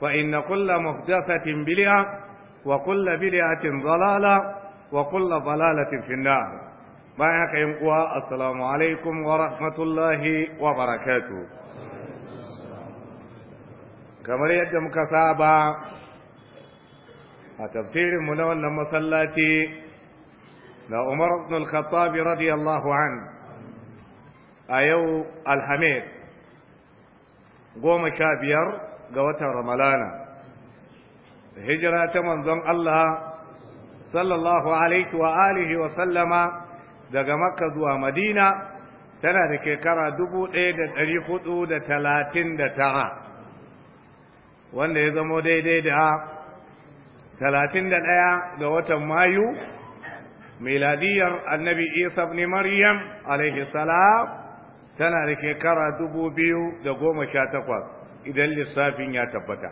فإن كل محدثة بلعة وكل بلعة ضلالة وكل ضلالة في النار معك ينقوى السلام عليكم ورحمة الله وبركاته كما يدمك سابا تفسير منولا مسلاتي لعمر بن الخطاب رضي الله عنه أيو الحميد قوم كابير ga watan ramalana hijira ta manzon Allah sallallahu alaihi wa alihi wa sallama daga makka zuwa madina tana da shekara dubu ɗaya da ɗari hudu da talatin da tara wanda ya zamo daidai da talatin da ɗaya ga watan mayu miladiyar annabi isa ibn maryam alaihi salam tana da shekara dubu biyu da goma sha takwas idan lissafin ya tabbata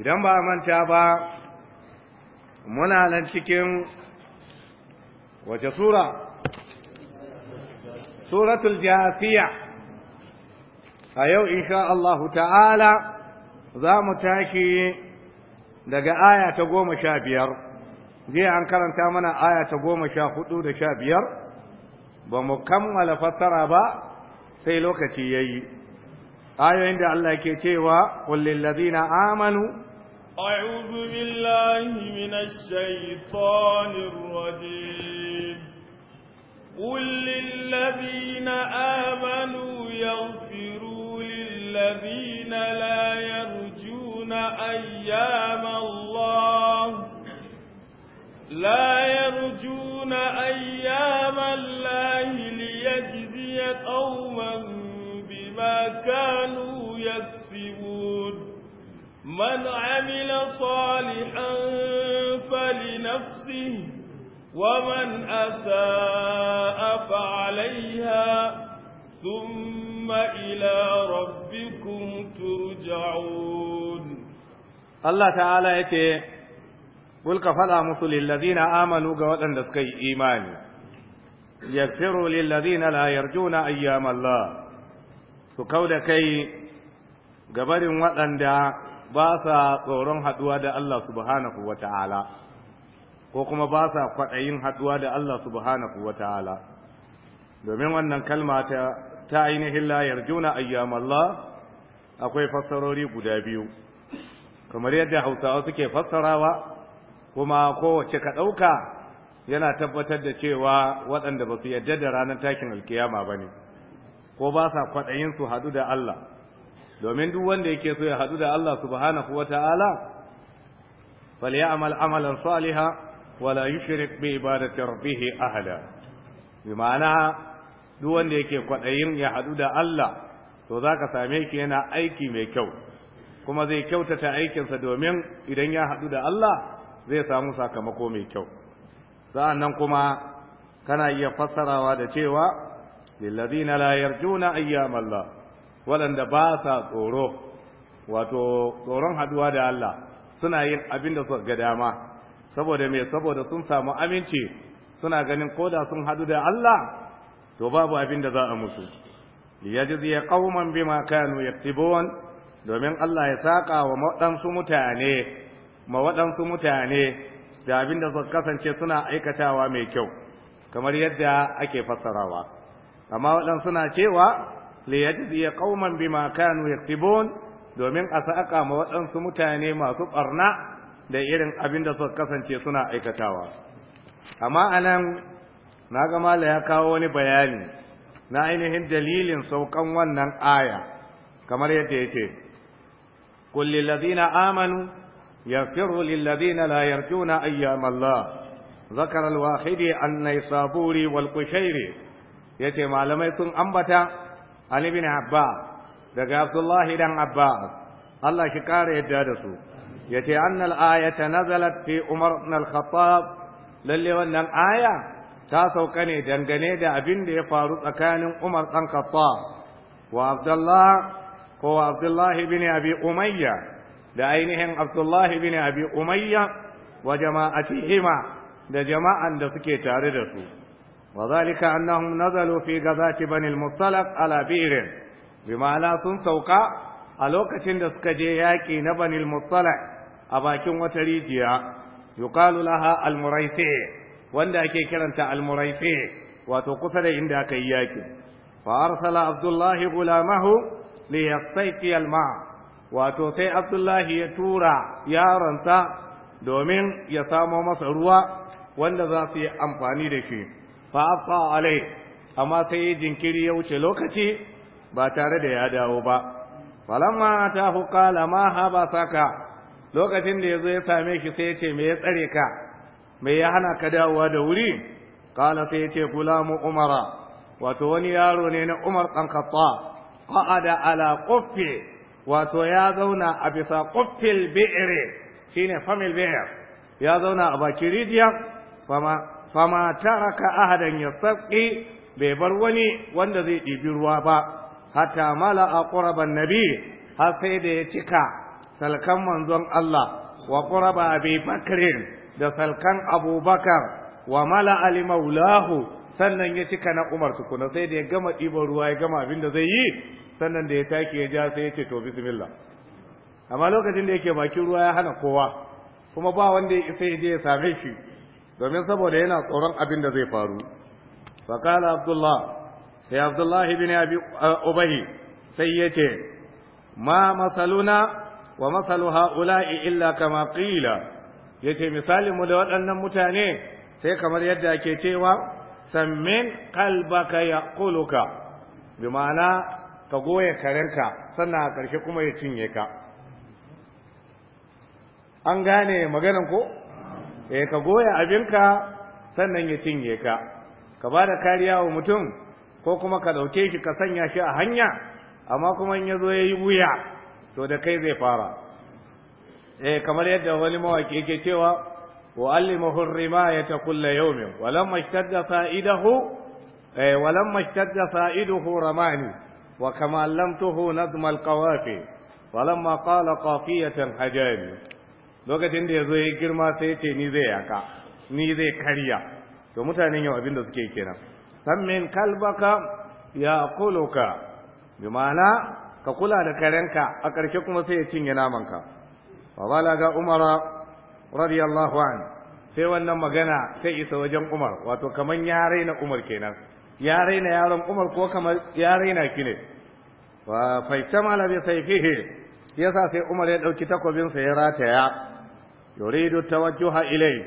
idan ba manta ba muna nan cikin wace sura suratul jasiya a yau insha Allah ta'ala za mu tashi daga aya ta goma sha biyar jiya an karanta mana aya ta goma sha hudu da sha biyar ba mu kammala fassara ba sai lokaci ya yi ayoyin da Allah ke cewa kullil ladina amanu a'udhu billahi minash shaitanir rajim kullil ladina amanu yaghfiru layar juna la yarjuna ayyama Allah لا يرجون أيام الله بما كانوا يكسبون من عمل صالحا فلنفسه ومن أساء فعليها ثم إلى ربكم ترجعون الله تعالى يتي قل فلا مثل للذين آمنوا قولاً دسكي إيماني يغفر للذين لا يرجون أيام الله su kau da kai gabarin waɗanda ba sa tsoron haɗuwa da Allah subhanahu wa ta'ala ko kuma ba sa kwaɗayin haɗuwa da Allah subhanahu wa ta'ala domin wannan kalma ta ainihin layar juna ayyamallah akwai fassarori guda biyu kamar yadda hausawa suke fassarawa kuma kowace ka ɗauka yana tabbatar da cewa waɗanda ba su yadda da ranar takin alkiyama ba ne ko ba sa kwaɗayin su haɗu da Allah domin duk wanda yake so ya haɗu da Allah subhanahu wata'ala ta'ala ya'mal amalan saliha wala yushrik bi ibadati rabbih ahada bi ma'ana duk wanda yake kwaɗayin ya haɗu da Allah to zaka same shi yana aiki mai kyau kuma zai kyautata aikinsa domin idan ya haɗu da Allah zai samu sakamako mai kyau sa'annan kuma kana iya fassarawa da cewa lillazina la yarjuna ayyam Allah waɗanda ba sa tsoro wato tsoron haɗuwa da Allah suna yin abin da suka ga dama saboda me saboda sun samu aminci suna ganin koda sun hadu da Allah to babu abin da za a musu liyajziya qauman bima kanu yaktibun domin Allah ya saka wa waɗansu mutane ma waɗansu mutane da abin da suka kasance suna aikatawa mai kyau kamar yadda ake fassarawa amma waɗansu suna cewa li yajzi qauman bima kanu yaktibun domin a saka ma waɗansu mutane masu barna da irin abin da suka kasance suna aikatawa amma anan na ga mala ya kawo wani bayani na ainihin dalilin saukan wannan aya kamar yadda ya ce قل للذين آمنوا يغفروا للذين Allah. يرجون أيام الله ذكر الواحد wal والقشيري ya ce malamai sun ambata an abba daga abdullahi dan abba Allah shi kara yadda da su ya ce annal ayata nazalat fi umar ibn al-khattab lalle wannan aya ta sauka ne dangane da abin da ya faru tsakanin umar dan khattab wa abdullah ko abdullahi bin abi umayya da ainihin abdullahi bin abi umayya wa jama'atihima da jama'an da suke tare da su وذلك أنهم نزلوا في غزاة بني المصطلق على بئر بمعنى سن سوقا ألوكة دسكجي ياكي نبني المصطلق أباكم وتريجيا يقال لها المريفع وأن أكي كرنت المريفع وتقصد عند أكياكي فأرسل عبد الله غلامه ليستيقي الماء وتوسي عبد الله يتورا يارنتا domin ya samo masa ruwa wanda za su yi amfani da shi fa afqa alai amma sai jinkiri ya wuce lokaci ba tare da ya dawo ba falamma atahu qala ma saka lokacin da ya zo ya same shi sai ya ce me ya tsare ka me ya hana ka dawowa da wuri qala sai ya ce gulamu umara wato wani yaro ne na umar dan khattab qa'ada ala quffi wato ya zauna a bisa quffil bi'r shine famil bi'r ya zauna a bakin rijiya fama fama taraka ahadan yasqi bai bar wani wanda zai ɗibi ruwa ba hatta mala a nabi har sai da ya cika salkan manzon Allah wa ƙuraba abi bakr da salkan abubakar wa mala ali maulahu sannan ya cika na umar tukuna sai da ya gama ɗiban ruwa ya gama abin da zai yi sannan da ya take ya ja sai ya ce to bismillah amma lokacin da yake bakin ruwa ya hana kowa kuma ba wanda ya isa ya je ya same shi domin saboda yana tsoron abin da zai faru fakala abdullah sai abdullah ibn abi eh, ubahi sai yace ma masaluna wa masalu haula'i illa kama qila yace misalin mu da waɗannan mutane sai kamar yadda ake cewa sammin qalbaka yaquluka bi ma'ana ka goye karenka sannan a ƙarshe kuma ya cinye ka an gane maganan ko E ka goya abinka sannan ya cinye ka ka ba da kariya wa mutum ko kuma ka dauke shi ka sanya shi a hanya amma kuma in ya zo ya yi wuya to da kai zai fara eh kamar yadda wani mawaƙi yake cewa wa'allimahu rimaya ta kulla yawmin walam mashtadda fa'idahu eh walam mashtadda fa'iduhu ramani wa kama lamtuhu nadmal qawafi walamma qala qafiyatan hajani lokacin da ya zo ya girma sai ce ni zai yaka ni zai karya to mutanen yau abin da suke kenan san kalbaka ya kuluka bi ma'ana ka kula da karenka a ƙarshe kuma sai ya cinye namanka wa balaga umara radiyallahu an sai wannan magana sai isa wajen umar wato kaman ya raina umar kenan ya raina yaron umar ko kamar ya raina ki ne wa faitama la bi sayfihi yasa sai umar ya dauki takobin sa ya rataya yuridu tawajjuha ilai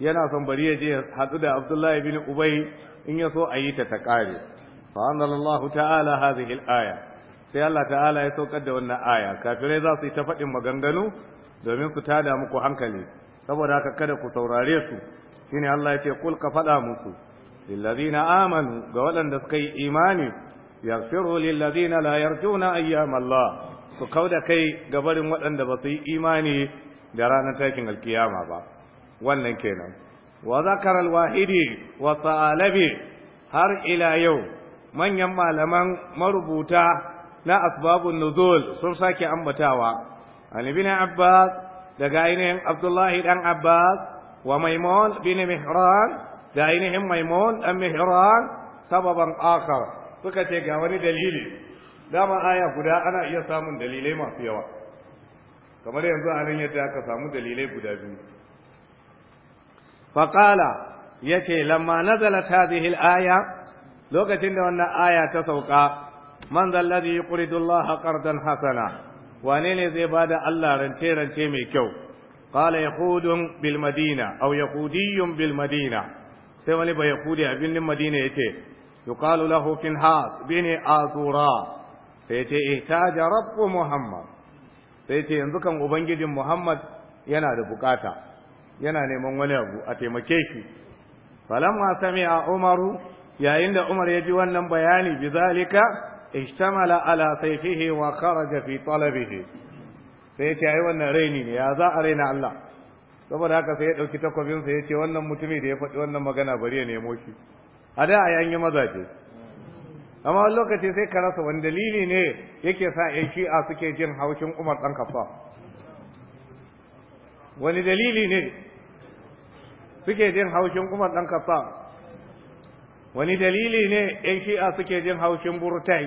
yana son bari ya je hadu da Abdullahi bin Ubay in ya so a yi ta ta kare fa anzalallahu ta'ala hadhihi al sai Allah ta'ala ya saukar da wannan aya kafirai za su yi ta faɗin maganganu domin su tada muku hankali saboda haka kada ku saurare su shine Allah ya ce kul ka faɗa musu lillazina amanu ga waɗanda suka yi imani yaghfiru lillazina la yarjuna ayyam Allah su kauda kai ga barin waɗanda ba su yi imani da ranar takin alkiyama ba wannan kenan wa zakar alwahidi wa sa'alabi har ila yau manyan malaman marubuta na asbabun nuzul sun sake ambatawa an ibn abbas daga ainihin abdullahi dan abbas wa maimon bin mihran da ainihin maimon dan mihran sababan akar suka ce ga wani dalili dama aya guda ana iya samun dalilai masu yawa kamar yanzu a nan yadda aka samu dalilai guda biyu faƙala ya ce lamma nazala ta zihil aya lokacin da wannan aya ta sauka man zallazi yuridu Allah qardan hasana wane ne zai da Allah rance rance mai kyau qala yahudun bil madina aw yahudiyyun bil madina sai wani ba yahudi a birnin madina yace yuqalu lahu kinhas bin azura sai yace ihtaja Rabbu muhammad sai ce yanzu kan ubangijin Muhammad yana da bukata yana neman wani abu a taimake shi falamma sami'a umaru yayin da umar ya ji wannan bayani bi zalika ishtamala ala sayfihi wa kharaja fi talabihi sai ya ce ai wannan raini ne ya za a raina Allah saboda haka sai ya dauki takwabin sa ya ce wannan mutumi da ya faɗi wannan magana bari ya nemo shi a da a yanyi mazaje amma wani lokaci sai ka rasa wani dalili ne yake sa ƴan shi'a suke jin haushin umar ɗan kafa wani dalili ne suke jin haushin umar ɗan kafa wani dalili ne ƴan shi'a suke jin haushin burtai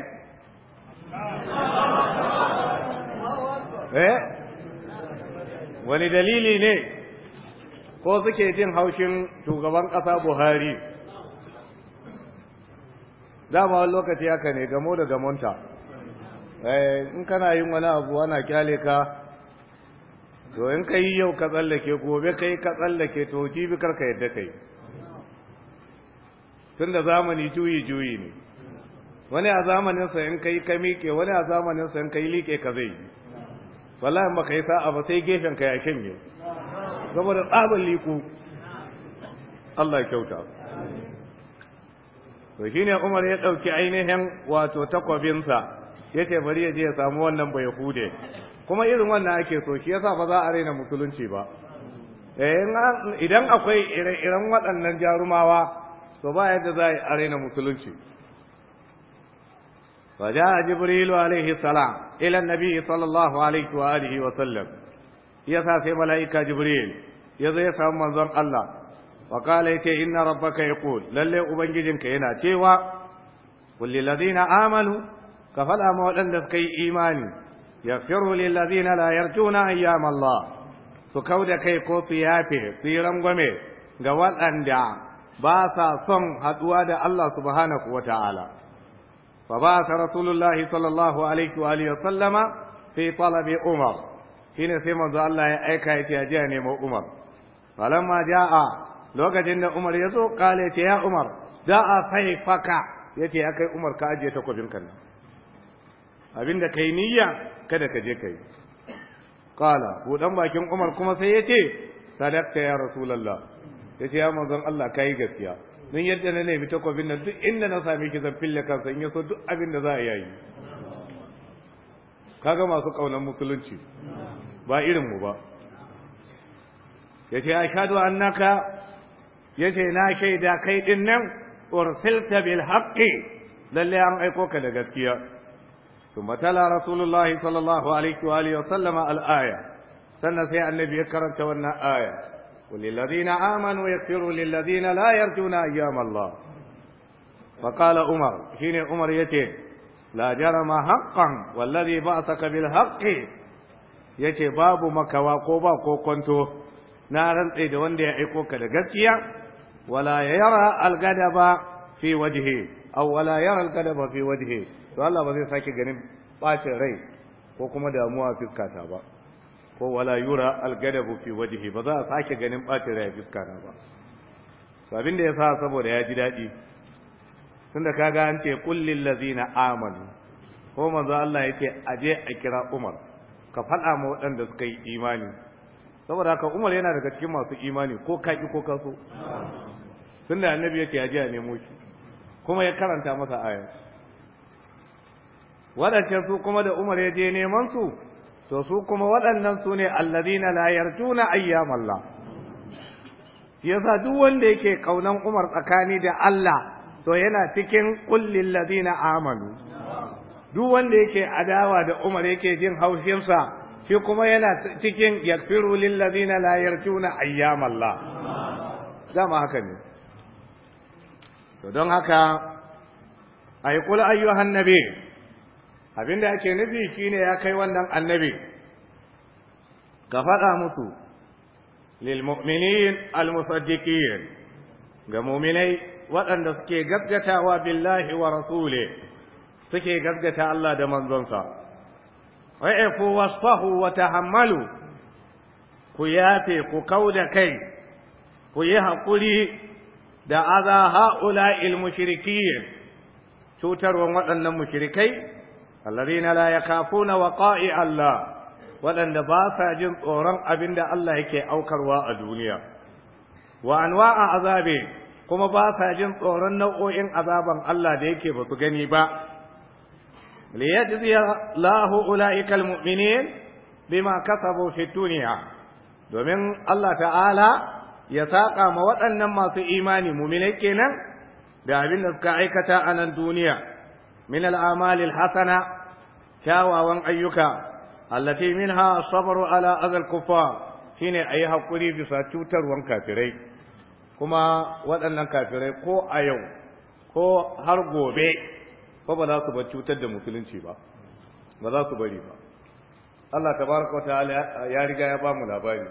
eh wani dalili ne ko suke jin haushin shugaban ƙasa buhari dama wani lokaci haka ne gamo da gamonta eh, in kana yin wani abu ana kyale ka to in ka yi yau ka tsallake gobe ka yi ka tsallake to jibi karka yadda ka yi tun da zamani juyi-juyi ne wani a zamaninsa in ka yi ka miƙe wani a zamaninsa in ka yi liƙe ka zai yi wallahi ba ka yi sa'a ba sai gefen ka ya shanye saboda tsabin liku Allah ya kyauta to shine Umar ya dauki ainihin wato takwabinsa yace bari ya je ya samu wannan bai hude kuma irin wannan ake so shi yasa ba za a raina musulunci ba eh, idan akwai ire-iren waɗannan jarumawa to ba yadda za a raina musulunci فجاء جبريل عليه السلام إلى النبي صلى الله عليه وآله وسلم يسا في ملائكة جبريل zai يسا منظر الله wa qala yace inna rabbaka yaqul lalle ka yana cewa qul lil ladina amanu ka fada ma wadanda suka yi imani yaghfiru lil ladina la yarjuna ayyam Allah su kauda kai ko su yafe tsiren gwame, ga waɗanda ba sa son haɗuwa da Allah subhanahu wa ta'ala. Fa ba ta Rasulullahi sallallahu alaihi wa alihi sallama fi talabi Umar, shi ne sai manzo Allah ya aika ya jiya ya nemo Umar. Falamma ja'a lokacin da umar ya zo kale ce ya umar za a faifaka ya ce ya kai umar ka ajiye takwabin kan abin da kai niyya kada ka je ka yi kala buɗan bakin umar kuma sai ya ce sadakta ya rasulallah ya ce ya manzon allah ka yi gaskiya don yadda na nemi takwabin nan duk inda na sami ki zan fille kansa in ya so duk abin da za a yayi kaga masu ƙaunar musulunci ba irin mu ba ya ce ashadu annaka yace na shaida kai din nan ursilta bil haqqi lalle an aiko ka da gaskiya thumma tala rasulullahi sallallahu alaihi wa alihi wa sallama al aya sannan sai annabi ya karanta wannan aya وللذين آمنوا يغفروا للذين لا يرجون أيام الله فقال عمر شيني عمر يتي لا جرم حقا والذي bil بالحق yace babu makawa ko ba ko kwanto na rantse da wanda ya aiko ka da gaskiya wala yara algadaba fi wajhi aw wala yara algadaba fi wajhi to Allah ba zai sake ganin bace rai ko kuma damuwa fiskata ba ko wala yura algadabu fi wajhi ba za a sake ganin bace rai fiskata ba to abin da ya sa saboda ya ji dadi tunda kaga an ce qul lil ladzina amanu ko manzo Allah yace aje a kira Umar ka faɗa ma waɗanda suka yi imani saboda haka Umar yana daga cikin masu imani ko kaki ko kaso tunda annabi ya ce ya je a nemo shi kuma ya karanta masa aya waɗancan su kuma da umar ya je neman su to su kuma waɗannan su ne alladina la yarjuna ayyam Allah yasa duk wanda yake kaunan umar tsakani da Allah to yana cikin kullil ladina amanu duk wanda yake adawa da umar yake jin haushinsa shi kuma yana cikin yakfiru lil ladina la yarjuna ayyam Allah dama haka ne to don haka ay qul ayyuhan nabi abinda ake nufi shine ya kai wannan annabi ka faɗa musu lil mu'minin al musaddiqin ga mu'minai waɗanda suke gaggatawa billahi wa rasuli suke gaggata Allah da manzonsa wa'ifu wasfahu wa tahammalu ku yafe ku kauda kai ku yi haƙuri da aza ha'ula'il mushrikin cutarwan waɗannan mushrikai alladhina la na waqa'i Allah waɗanda ba sa jin tsoron abin da Allah yake aukarwa a duniya wa a azabe kuma ba sa jin tsoron nau'o'in azaban Allah da yake ba su gani ba liyajziya lahu ula'ikal mu'minin bima kasa fi domin Allah ta'ala ya saƙa ma waɗannan masu imani muminai kenan da abin da suka aikata a nan duniya min al'amalil hasana kyawawan ayyuka allati minha sabru ala azal kufa shine ayi hakuri bisa cutarwan kafirai kuma waɗannan kafirai ko a yau ko har gobe ko ba za su bar cutar da musulunci ba ba za su bari ba Allah tabaraka wa ta'ala ya riga ya ba mu labari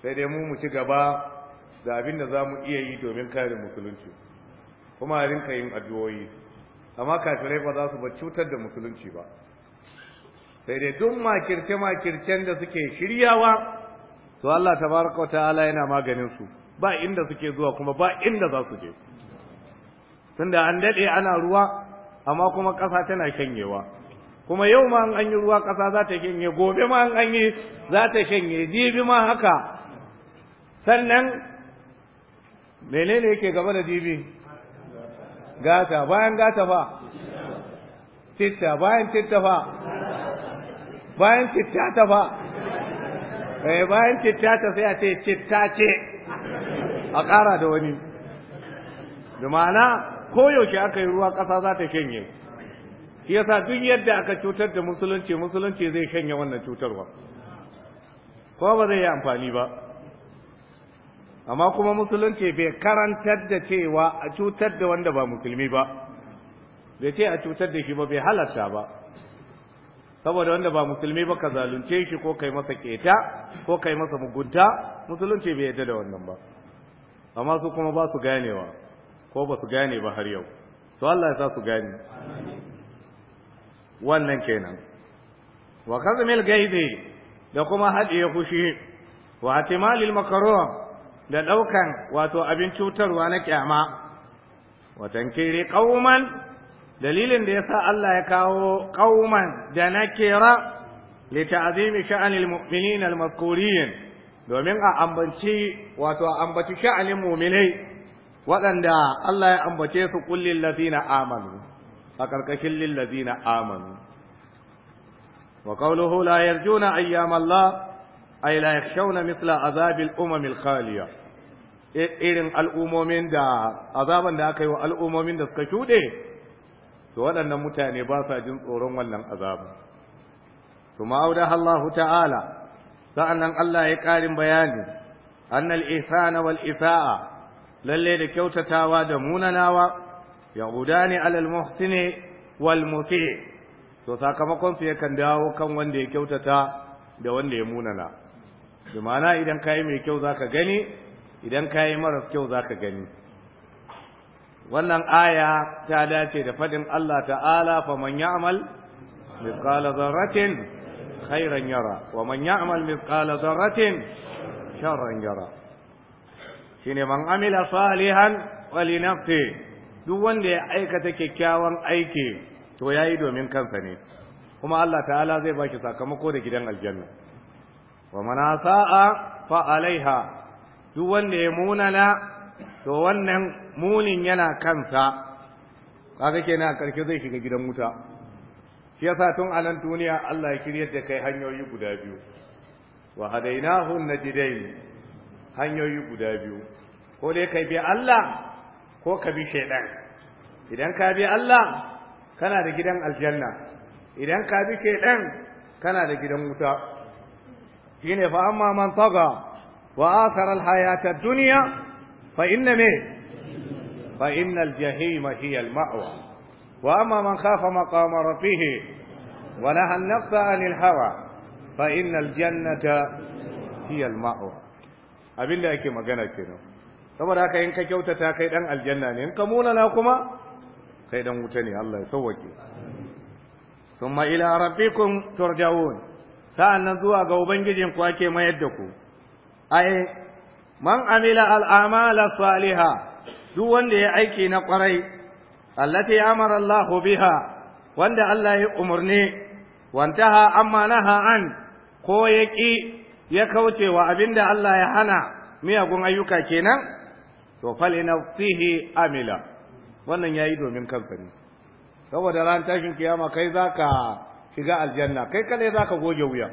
sai dai mu mu ci gaba da abin da za mu iya yi domin kare musulunci kuma a rinka yin addu'o'i amma kafirai ba za su ba cutar da musulunci ba sai dai duk makirce makircen da suke shiryawa to Allah tabaraka ta'ala yana maganin su ba inda suke zuwa kuma ba inda za su je tunda an dade ana ruwa amma kuma ƙasa tana shanyewa kuma yau ma an yi ruwa ƙasa za ta shanye gobe ma an yi za ta shanye jibi ma haka sannan menene yake gaba da jibi gata bayan gata fa citta bayan citta fa bayan citta ta fa eh bayan citta ta sai a ce citta ce a ƙara da wani da ma'ana koyaushe aka yi ruwa ƙasa za ta shanye shi yasa duk yadda aka cutar da musulunci musulunci zai shanye wannan cutarwa ko ba zai yi amfani ba amma kuma musulunci bai karantar da cewa a cutar da wanda ba musulmi ba bai ce a cutar da shi ba bai halarta ba saboda wanda ba musulmi ba ka zalunce shi ko kai masa keta ko kai masa mugunta musulunci bai yadda da wannan ba amma su kuma ba su ganewa ko ba su gane ba har yau su Allah ya sa su gane wannan kenan wa kazmil gaidi da kuma hadiye kushi wa atimalil makaruh da ɗaukan wato abin cutarwa na ƙyama watan kere ƙauman dalilin da ya sa Allah ya kawo ƙauman da na kera litazimi sha'anil mu'minin al-mazkurin domin a ambaci wato a ambaci sha'anin mu'minai waɗanda Allah ya ambace su kullin lazina amanu a ƙarƙashin lillazina amanu wa qawluhu la yarjuna ayyama Allah ay la yakhshawna mithla azabil umamil khaliya irin al'ummomin da azaban da aka yi wa al'ummomin da suka shuɗe to waɗannan mutane ba sa jin tsoron wannan azaban to ma'auda Allah ta'ala sa'an nan Allah ya ƙarin bayani annal na wal isa'a lalle da kyautatawa da munanawa ne alal muhsini wal to sakamakon yakan dawo kan wanda ya kyautata da wanda ya munana Jumana idan idan yi mai kyau za ka gani idan ka yi maras kyau za ka gani wannan aya ta dace da faɗin Allah ta'ala fa man ya'mal mithqala dharratin khairan yara wa man ya'mal mithqala dharratin sharran yara shine man amila salihan wa li nafsi duk wanda ya aikata kyakkyawan aiki to yayi domin kansa ne kuma Allah ta'ala zai baki sakamako da gidan aljanna wa man asaa fa alaiha duk wanda ya munana to wannan munin yana kansa kaga kenan a ƙarshe zai shiga gidan wuta shi yasa tun a nan duniya Allah ya kiryar da kai hanyoyi guda biyu wa hadainahu najidain hanyoyi guda biyu ko dai kai bi Allah ko ka bi shaydan idan ka bi Allah kana da gidan aljanna idan ka bi shaydan kana da gidan wuta shine fa amma man taga وآثر الحياة الدنيا فإن من فإن الجحيم هي المأوى وأما من خاف مقام ربه ونهى النفس عن الهوى فإن الجنة هي المأوى abin da ake magana kenan saboda haka in ka kyautata kai dan aljanna ne in ka munana kuma kai dan wuta ne Allah ya sauwake thumma ila rabbikum turja'un nan zuwa ga ubangijin ku mayar da ku ai man amila al'amala saliha duk wanda ya aiki na kwarai allati amara Allahu biha wanda Allah ya umurni wantaha amma naha an ko ya ya kauce wa abinda Allah ya hana miyagun ayyuka kenan to fali amila wannan yayi domin kansa saboda ran tashin kiyama kai zaka shiga aljanna kai kale zaka goge wuya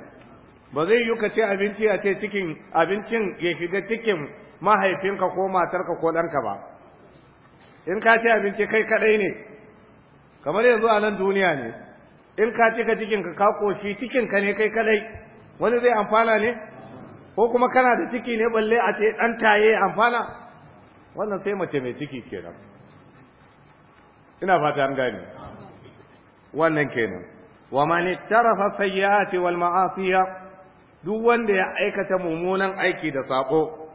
ba zai yi ka ce abinci a ce cikin abincin ya shiga cikin mahaifinka ko matarka ko ɗanka ba in ka ce abinci kai kaɗai ne kamar yanzu a nan duniya ne in ka cika cikinka ka koshi cikinka ne kai kaɗai wani zai amfana ne ko kuma kana da ciki ne balle a ce ɗan taye amfana wannan sai mace mai ciki kenan ina fata an gane wannan kenan wa man ittarafa sayyati wal ma'asiya duk wanda ya aikata mummunan aiki da sako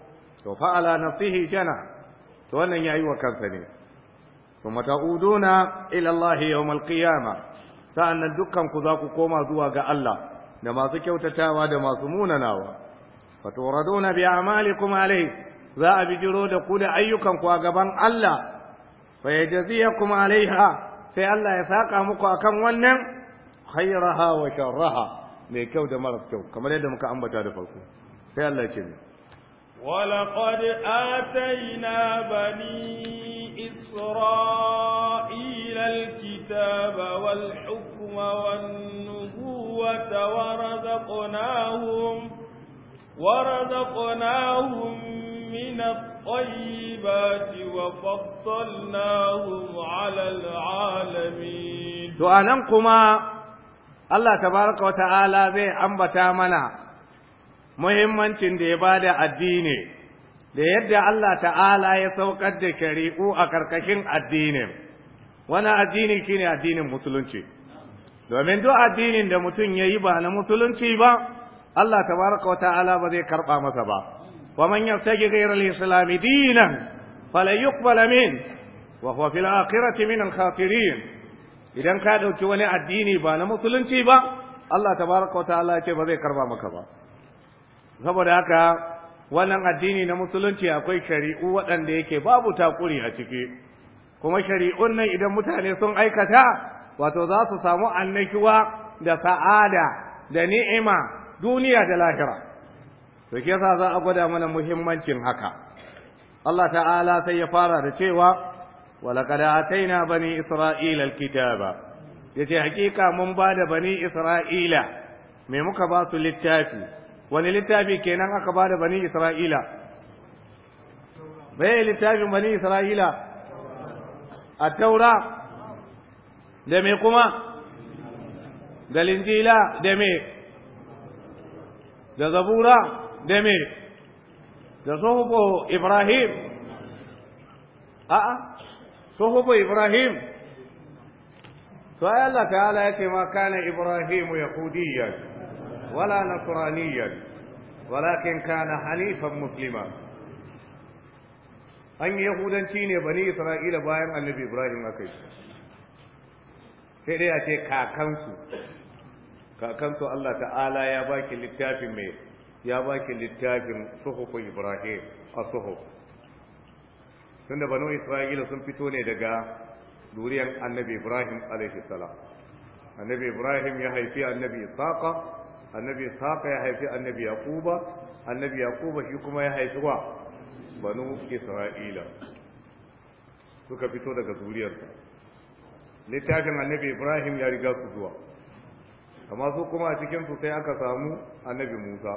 to fa'ala nafsihi jana to wannan yayi wa kansa ne kuma ta'uduna ila Allah yawmal qiyamah sa'annan dukkan ku za ku koma zuwa ga Allah da masu kyautatawa da masu munanawa faturaduna bi a'malikum alayhi za a bijiro da ku da ayyukan ku a gaban Allah fa yajziyakum alaiha sai Allah ya saka muku akan wannan khairaha wa sharraha mai kyau da mara kyau kamar yadda muka ambata da farko sai Allah ke ne walaqad ataina bani wa faddalnahum 'ala to anan kuma Allah tabaraka wa ta'ala zai ambata mana muhimmancin da ya bada addini da yadda Allah ta'ala ya saukar da shari'u a karkashin addini. wani addini shine addinin musulunci domin duk addinin da mutum ya yi ba na musulunci ba Allah tabaraka wa ta'ala ba zai karɓa masa ba wa man yabtaji ghayra al-islam dinan falan min wa huwa fil akhirati min idan ka ɗauki wani addini ba na musulunci ba Allah tabaraka wa ta'ala ya ce ba zai karba maka ba saboda haka wannan addini na musulunci akwai shari'u waɗanda yake babu takuri a ciki kuma shari'un nan idan mutane sun aikata wato za su samu annashuwa da sa'ada da ni'ima duniya da lahira to ke za a gwada mana muhimmancin haka Allah ta'ala sai ya fara da cewa Wala kada a taina bani Isra'ilal kitaba. Ya ce mun bada bani Isra'ila me muka basu littafi? Wani littafi kenan aka bada bani Isra'ila? Be littafin bani Isra'ila a taura da me kuma da linjila da me da zabura da me da so ko Ibrahim? A'a. ko Ibrahim to ai Allah ta'ala ya ce ma kana Ibrahimu yahudiyyan wala nasraniyyan walakin kana hanifan muslima an yi yahudanci ne bani Isra'ila bayan Annabi Ibrahim a akai sai dai a ce kakansu kakansu Allah ta'ala ya baki littafin mai ya baki littafin suhufin Ibrahim a suhufin tunda banu isra'ila sun fito ne daga duriyar annabi ibrahim alaihi salam annabi ibrahim ya haifi annabi isaqa annabi isaqa ya haifi annabi yaquba annabi yaquba shi kuma ya haifi wa banu isra'ila suka fito daga sa littafin annabi ibrahim ya riga su zuwa amma su kuma a su sai aka samu annabi musa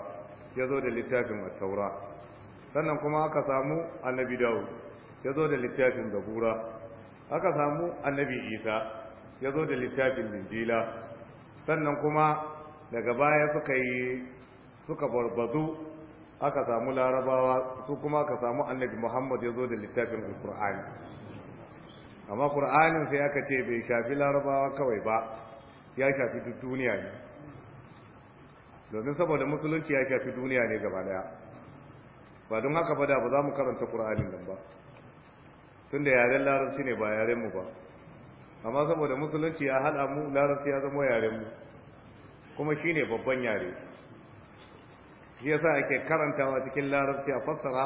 ya zo da littafin at taura sannan kuma aka samu annabi dawud ya zo da littafin zabura aka samu annabi isa ya zo da littafin Minjila sannan kuma daga baya suka yi suka barbazu aka samu larabawa su kuma aka samu annabi muhammad ya zo da littafin alkur'ani amma kur'anin sai aka ce bai shafi larabawa kawai ba ya shafi duk duniya ne domin saboda musulunci ya shafi duniya ne gaba daya ba don haka ba da ba za mu karanta kur'anin nan ba tunda yaren larabci ne ba yaren mu ba amma saboda musulunci ya haɗa mu larabci ya zama yaren mu kuma shine babban yare shi yasa ake karantawa cikin larabci a fassara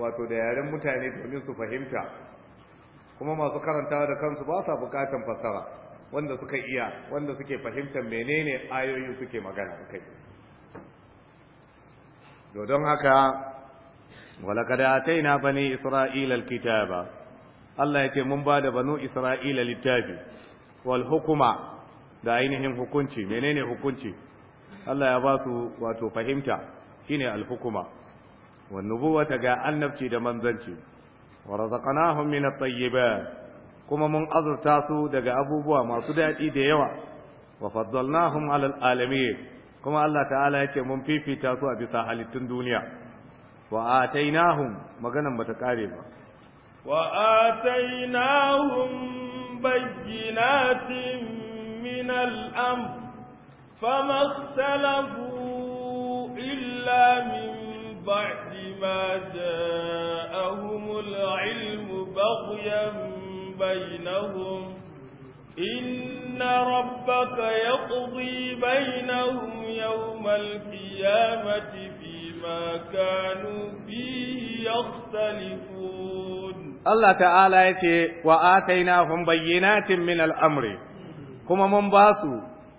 wato da yaren mutane domin su fahimta kuma masu karanta da kansu ba sa bukatan fassara wanda suka iya wanda suke fahimtar menene ayoyin suke magana kai don haka ولقد آتينا بني إسرائيل الكتاب Allah ya ce mun ba da banu Isra'ila littafi wal hukuma da ainihin hukunci menene hukunci Allah ya ba su wato fahimta shine alhukuma. hukuma wan nubuwata ga annabci da manzanci wa razaqnahum min at kuma mun azurta su daga abubuwa masu daɗi da yawa wa faddalnahum ala al kuma Allah ta'ala ya ce mun fifita su a bisa halittun duniya wa atainahum maganan bata kare ba وآتيناهم بينات من الأمر فما اختلفوا إلا من بعد ما جاءهم العلم بغيا بينهم إن ربك يقضي بينهم يوم القيامة فيما كانوا فيه يختلفون Allah ta'ala ya ce wa atainahum bayyinatin min al'amri kuma mun ba su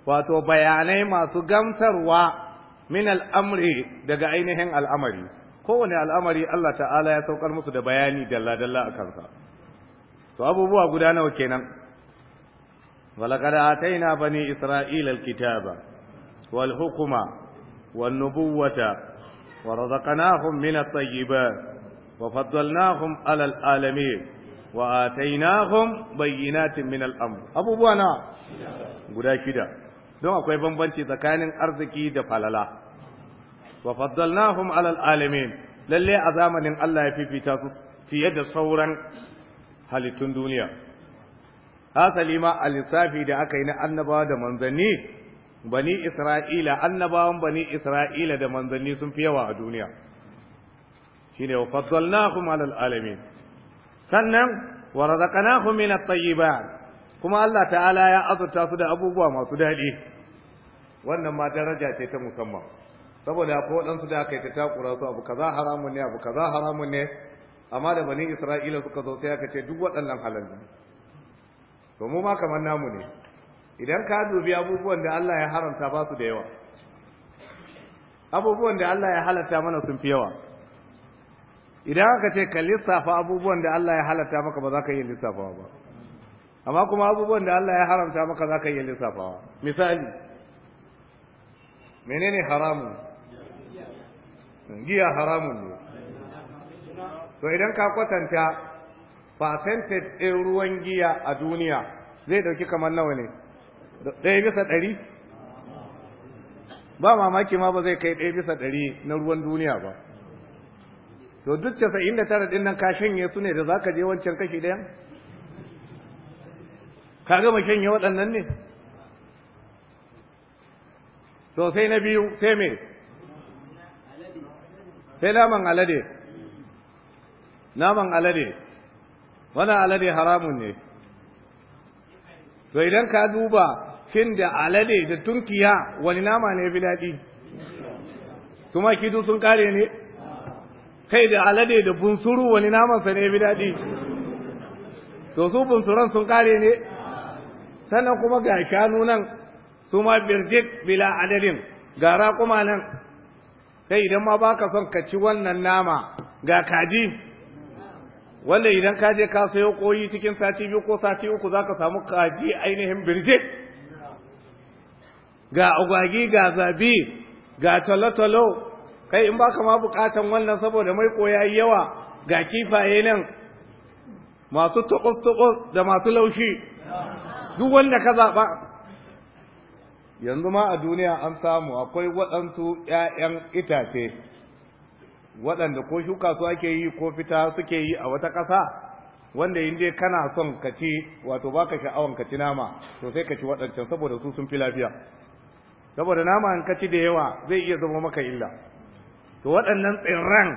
wato bayanai masu gamsarwa min al'amri daga ainihin al'amari kowane al'amari Allah ta'ala ya saukar musu da bayani dalla-dalla a kansa to abubuwa guda nawa kenan walaqad ataina bani isra'ila kitaba wal hukma wan nubuwata wa razaqnahum min وفضلناهم على العالمين وآتيناهم بينات من الأمر أبو بوانا guda shida don akwai bambanci tsakanin arziki da falala wa faddalnahum alal alamin lalle a zamanin Allah ya fifita su fiye da sauran halittun duniya Asali ma a lissafi da aka yi na annabawa da manzanni bani isra'ila annabawan bani isra'ila da manzanni sun fi yawa a duniya shine wa faddalnahum alal alamin sannan wa razaqnahum min at-tayyibat kuma Allah ta'ala ya azurta su da abubuwa masu daɗi wannan ma daraja ce ta musamman saboda akwai waɗansu da aka yi ta takura su abu kaza haramun ne abu kaza haramun ne amma da bani isra'ila suka zo sai aka ce duk waɗannan halal ne to mu ma kamar namu ne idan ka dubi abubuwan da Allah ya haramta ba su da yawa abubuwan da Allah ya halatta mana sun fi yawa idan aka ce ka lissafa abubuwan da Allah ya halatta maka ba za ka iya lissafawa ba amma kuma abubuwan da Allah ya haramta maka za ka iya lissafawa misali menene haramun giya haramun ne to idan ka kwatanta percentage ɗin ruwan giya a duniya zai ɗauki kamar nawa ne ɗaya bisa ɗari ba mamaki ma ba zai kai ɗaya bisa ɗari na ruwan duniya ba to duk casa'in da tara ɗin nan ka shanye su ne da za ka je wancan kashi ɗayan ka gama shanye waɗannan ne to sai na biyu sai me sai naman alade naman alade wannan alade haramun ne to idan ka duba cin da alade da tunkiya wani nama ne bi daɗi tumaki sun kare ne kai da alade da bunsuru wani namansa ne bi daɗi to su bunsuran sun kare ne sannan kuma ga shanu nan su ma birjik bila adadin ga raƙuma nan kai idan ma baka son ka ci wannan nama ga kaji wanda idan ka je ka sayo koyi cikin sati biyu ko sati uku za ka samu kaji ainihin birjik ga agwagi ga zabi ga talo-talo kai in baka ma bukatan wannan saboda mai koya yawa ga kifaye nan masu tukos da masu laushi duk wanda ka zaɓa yanzu ma a duniya an samu akwai waɗansu ‘ya'yan itace waɗanda ko shuka su ake yi ko fita suke yi a wata ƙasa wanda in dai kana son ka ci wato baka sha'awan ka ci nama to sai ka ci waɗancan saboda su sun fi lafiya saboda nama in ka ci da yawa zai iya zama maka illa to waɗannan tsirran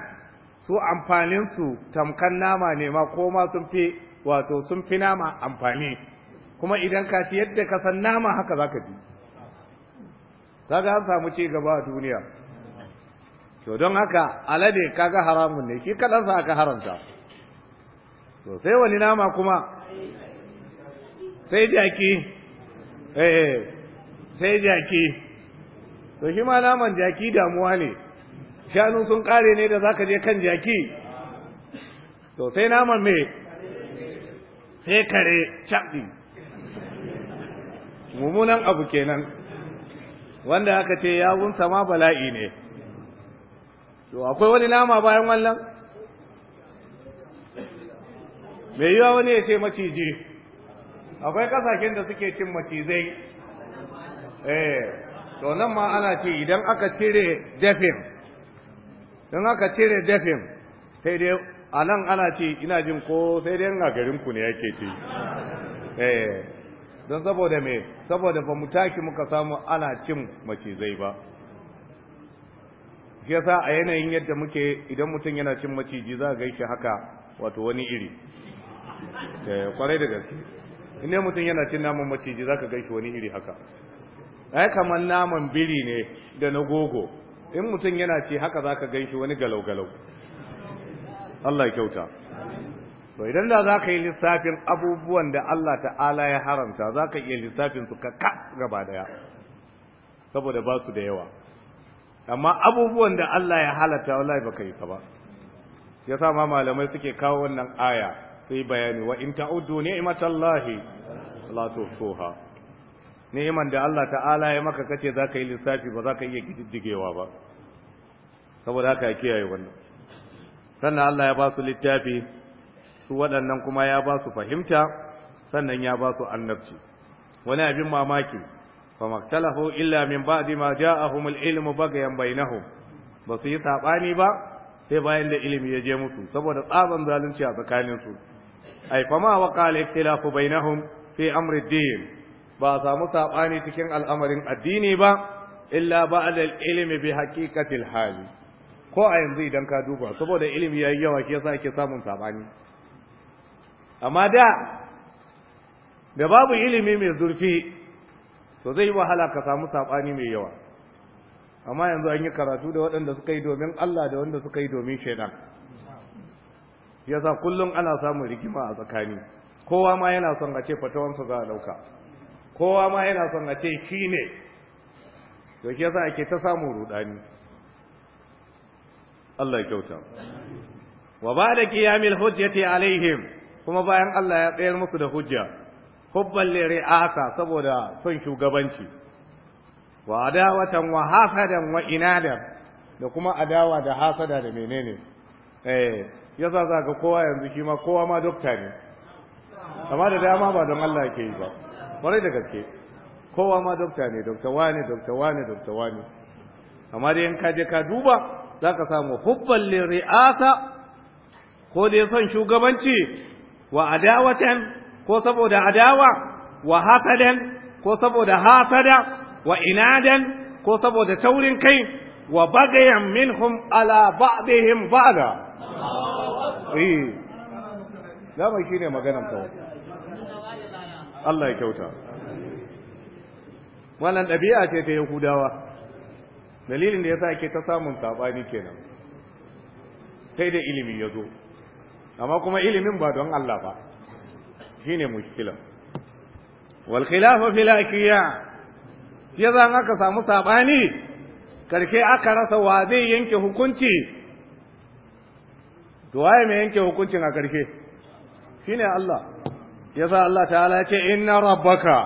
su amfaninsu tamkan nama ne ma ko ma sun fi wato sun fi nama amfani kuma idan ka ci yadda ka san nama haka za ka ji za ka samu ci gaba a duniya to don haka alade kaga haramun ne shi kaɗansa aka haramta to sai wani nama kuma sai jaki eh, eh sai jaki to shi ma naman jaki damuwa ne shanu sun kare ne da zaka je kan jaki to sai naman me sai kare caɗi mummunan abu kenan wanda aka ce yawun sama bala'i ne to akwai wani nama bayan wannan mai yiwa wani ya ce maciji akwai kasashen da suke cin macizai eh to nan ma ana ce idan aka cire dafin don haka cire dafin sai dai a nan ana ce ina jin ko sai dai garin garinku ne yake ce eh don saboda me saboda ba mu taki muka samu ana cin macizai ba shi yasa a yanayin yadda muke idan mutum yana cin maciji za a gaishe haka wato wani iri eh, kwarai da gaske inda mutum yana cin naman maciji za ka gaishe wani iri haka ai kamar naman biri ne da na gogo in mutum yana ce haka za ka ganshi wani galau-galau Allah kyauta to idan da za ka yi lissafin abubuwan da Allah ta'ala ya haramta za ka iya lissafin su kakka gaba daya saboda ba su da yawa amma abubuwan da Allah ya halatta wallahi baka yi ba ya sa ma malamai suke kawo wannan aya sai bayani wa in ta'uddu ni'matallahi la tuhsuha ni'iman da Allah ta'ala ya maka kace zaka yi lissafi ba zaka iya kididdigewa ba saboda haka kiyaye wannan sannan Allah ya ba su littafi su waɗannan kuma ya ba su fahimta sannan ya ba su annabci wani abin mamaki fa maktalahu illa min ba'di ma ja'ahum al-ilmu bagayan bainahum ba su yi sabani ba sai bayan da ilimi ya je musu saboda tsaban zalunci a tsakanin su ai fa ma wa qala ikhtilafu bainahum fi amri din ba samu sabani cikin al'amarin addini ba illa ba'da al-ilmi bi haqiqatil hali ko a yanzu idan ka duba saboda ilimi yayi yawa ke yasa ake samun sabani amma da da babu ilimi mai zurfi to zai wahala ka samu sabani mai yawa amma yanzu an yi karatu da waɗanda suka yi domin Allah da wanda suka yi domin shaidan yasa kullum ana samun rigima a tsakani kowa ma yana son a ce fatawansa za a dauka kowa ma yana son a ce shine to shi yasa ake ta samun rudani Allah ya kyauta wa ba'da qiyamil hujjati alaihim kuma bayan Allah ya tsayar musu da hujja hubban li ri'asa saboda son shugabanci wa adawatan wa hasadan wa inada da kuma adawa da hasada da menene eh yasa zaka kowa yanzu shi ma kowa ma dokta ne amma da dama ba don Allah yake yi ba kwarai da gaske kowa ma dokta ne dokta wane dokta wane dokta wane amma dai in ka je ka duba za ka samu hubban liri'asa ko dai son shugabanci wa adawatan ko saboda adawa wa hasadan ko saboda hasada wa inadan ko saboda taurin kai wa bagayan minhum ala ba'dihim ba'da eh dama shine maganar kawai Allah ya kyauta wannan ɗabi'a ce ta Yahudawa dalilin da ya sa ake ta samun saɓani kenan sai da ilimi ya zo amma kuma ilimin ba don Allah ba shine mushkilan wal khilafu fil akiya ya zan aka samu sabani karke aka rasa wa zai yanke hukunci to waye mai yanke hukuncin a karke ne Allah Ya sa Allah ta'ala ya ce inna rabbaka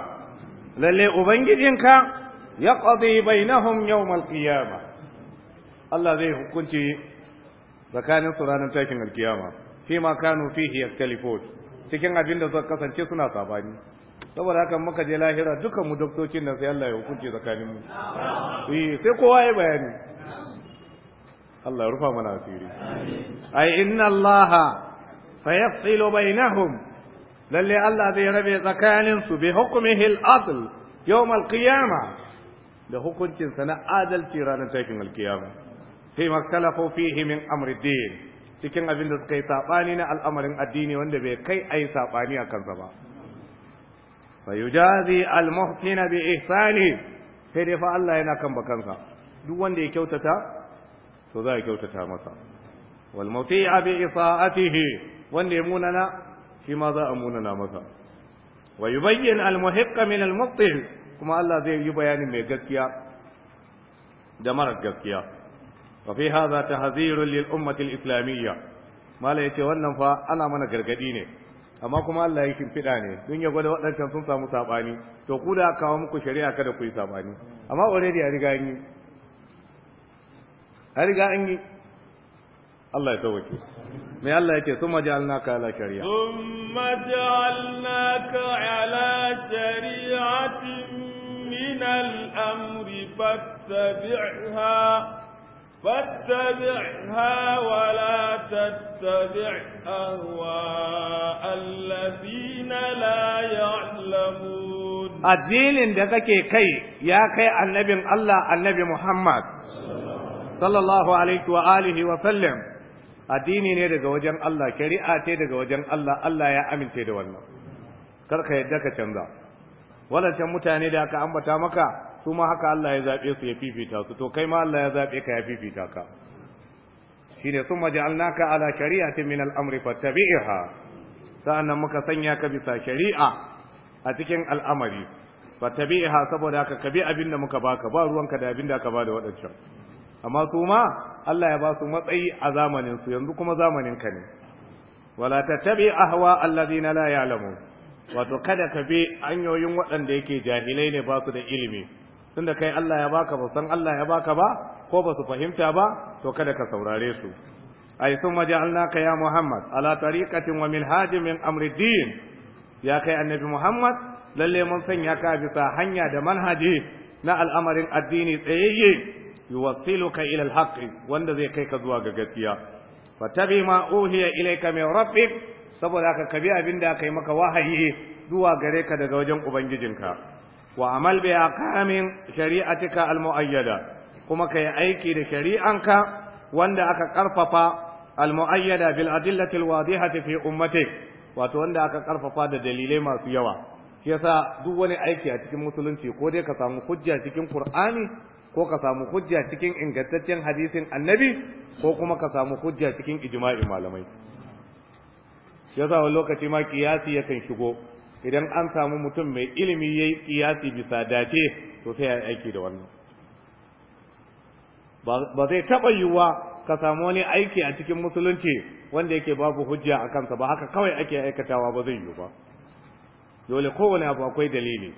lalle ubangijinka yaqdi bainahum yawm al-qiyama Allah zai hukunci tsakanin ranar takin alkiyama fi ma kanu fihi cikin abin da suka kasance suna sabani saboda haka muka je lahira dukan mu doktocin nan Allah ya hukunci tsakanin mu sai kowa ya bayani Allah ya rufa mana asiri ai inna Allah sayafsilu bainahum Lallai Allah zai rabe tsakanin su bi hukmihi al da hukuncinsa na adalci ranar takin alkiyama fi maktalafo fihi min amri din cikin abin da suka yi saɓani na al'amarin addini wanda bai kai a yi saɓani a kansa ba fa jazi al-muhsina bi ihsani sai dai fa Allah yana kan bakansa duk wanda ya kyautata to za a kyautata masa wal muti'a bi isa'atihi wanda ya munana shi ma za a munana masa wa yubayyin al-muhiqqa min al-mubtil kuma Allah zai yi bayani mai gaskiya da marar gaskiya wa fi hadha tahzirun lil ummati al islamiyya mala yace wannan fa ana mana gargadi ne amma kuma Allah ya shimfiɗa ne dun ya gwada waɗancan sun samu sabani to ku da kawo muku shari'a kada ku yi sabani amma already a riga an yi a riga an yi Allah ya tawake mai Allah yake thumma ja'alnaka ala shari'a thumma ja'alnaka ala shari'atin الأمر فاتبعها فاتبعها ولا تتبع أهواء الذين لا يعلمون الدين دكك كي يا كي النبي الله النبي محمد صلى الله عليه وآله وسلم addini ne daga wajen Allah shari'a ce daga wajen Allah Allah ya amince da wannan kar ka yadda ka canza wadancan mutane da aka ambata maka su ma haka Allah ya zaɓe su ya fifita su to kai ma Allah ya zaɓe ka ya fifita ka Shi shine summa ja'alnaka ala shari'atin min al-amri Sa'an sa'annan muka sanya ka bisa shari'a a cikin al'amari fattabi'ha saboda haka ka bi abinda muka baka ba ruwanka da abinda ka ba da waɗancan. amma su ma Allah ya ba su matsayi a zamaninsu, yanzu kuma zamanin ka ne wala tattabi ahwa alladhina la wato kada ka bi hanyoyin waɗanda yake jahilai ne ba su da ilimi tunda kai Allah ya baka ba san Allah ya baka ba ko ba su fahimta ba to kada ka saurare su ay thumma ja'alnaka ya muhammad ala tariqatin wa minhajin min amri din ya kai annabi muhammad lalle mun sanya ka bisa hanya da manhaji na al'amarin addini tsayayye yuwassiluka ila alhaq wanda zai kai ka zuwa ga gaskiya fatabi ma uhiya ilayka min rabbik saboda ka kabi abinda aka yi maka wahayi zuwa gare ka daga wajen ubangijinka wa amal bi aqamin shari'atika al-mu'ayyada kuma kai aiki da shari'anka wanda aka karfafa al-mu'ayyada bil adillati al-wadihati fi wato wanda aka karfafa da dalilai masu yawa shi yasa duk wani aiki a cikin musulunci ko dai ka samu hujja cikin qur'ani ko ka samu hujja cikin ingantaccen hadisin annabi ko kuma ka samu hujja cikin ijma'i malamai shi yasa wani lokaci ma kiyasi yakan shigo idan an samu mutum mai ilimi ya yi kiyasi bisa dace to sai ya yi aiki da wannan ba zai taɓa yiwuwa ka samu wani aiki a cikin musulunci wanda yake babu hujja a kansa ba haka kawai ake aikatawa ba zai yiwu ba dole kowane abu akwai dalili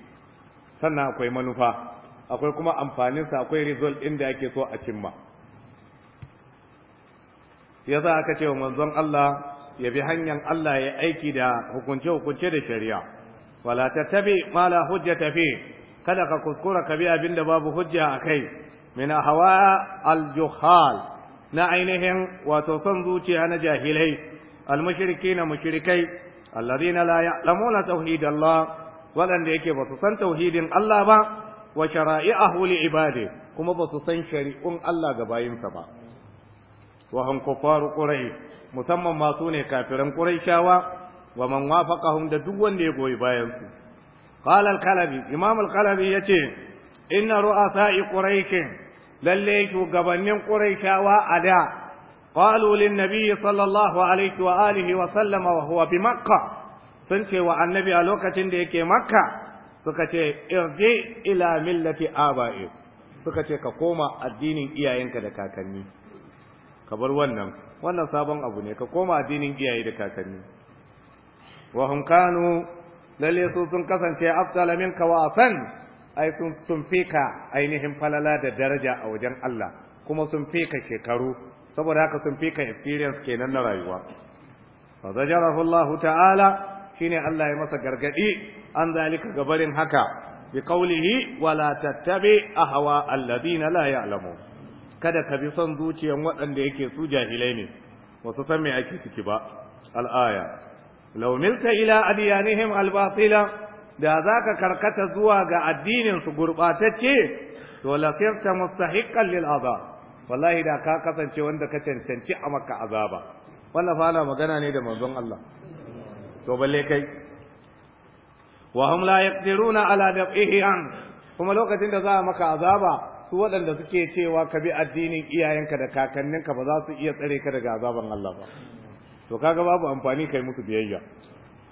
sannan akwai manufa akwai kuma amfaninsa akwai result ɗin da ake so a cimma ya za aka ce wa manzon Allah ya bi hanyar Allah ya aiki da hukunce-hukunce da shari'a wala tattabi ma la hujjata kada ka kuskura ka bi abin da babu hujja a kai mina hawa al-juhal na ainihin wato son zuciya na jahilai al-mushriki na mushrikai alladhina la ya'lamuna tauhid Allah waɗanda yake ba su san tauhidin Allah ba wa a huli ibade? kuma ba su san shari'un Allah ga bayinsa ba wa hum kuffaru musamman ma su ne kafiran quraishawa wa man wafaqahum da duk wanda ya goyi bayan su qala al qalabi imam al-kalabi yace inna ru'asa'i quraish lalle shugabannin quraishawa a da qalu lin nabiy sallallahu alaihi wa alihi wa sallama wa huwa bi makkah sun ce wa annabi a lokacin da yake makka suka ce irji ila millati aba'i suka ce ka koma addinin iyayenka da kakanni ka bar wannan wannan sabon abu ne ka koma addinin iyaye da kakanni wa hum kanu lalle su sun kasance afdala minka wa afan ai sun sun fika ainihin falala da daraja a wajen Allah kuma sun fika shekaru saboda haka sun fika experience kenan na rayuwa fa zajarahu Allah ta'ala shine Allah ya masa gargadi an zalika gabarin haka bi qawlihi wala tattabi ahwa alladhina la ya'lamun kada ka bi son zuciyan waɗanda yake su jahilai ne ba su san me ake ciki ba al'aya law milta ila adyanihim al da da zaka karkata zuwa ga addinin su gurbatacce to la sirta mustahiqqan lil azab wallahi da ka kasance wanda ka cancanci a maka azaba wannan fa magana ne da manzon Allah to balle kai wa hum la yaqdiruna ala daf'ihi an kuma lokacin da za a maka azaba su waɗanda suke cewa ka bi addinin iyayenka da kakanninka ba za su iya tsare ka daga azaban Allah ba to kaga babu amfani kai musu biyayya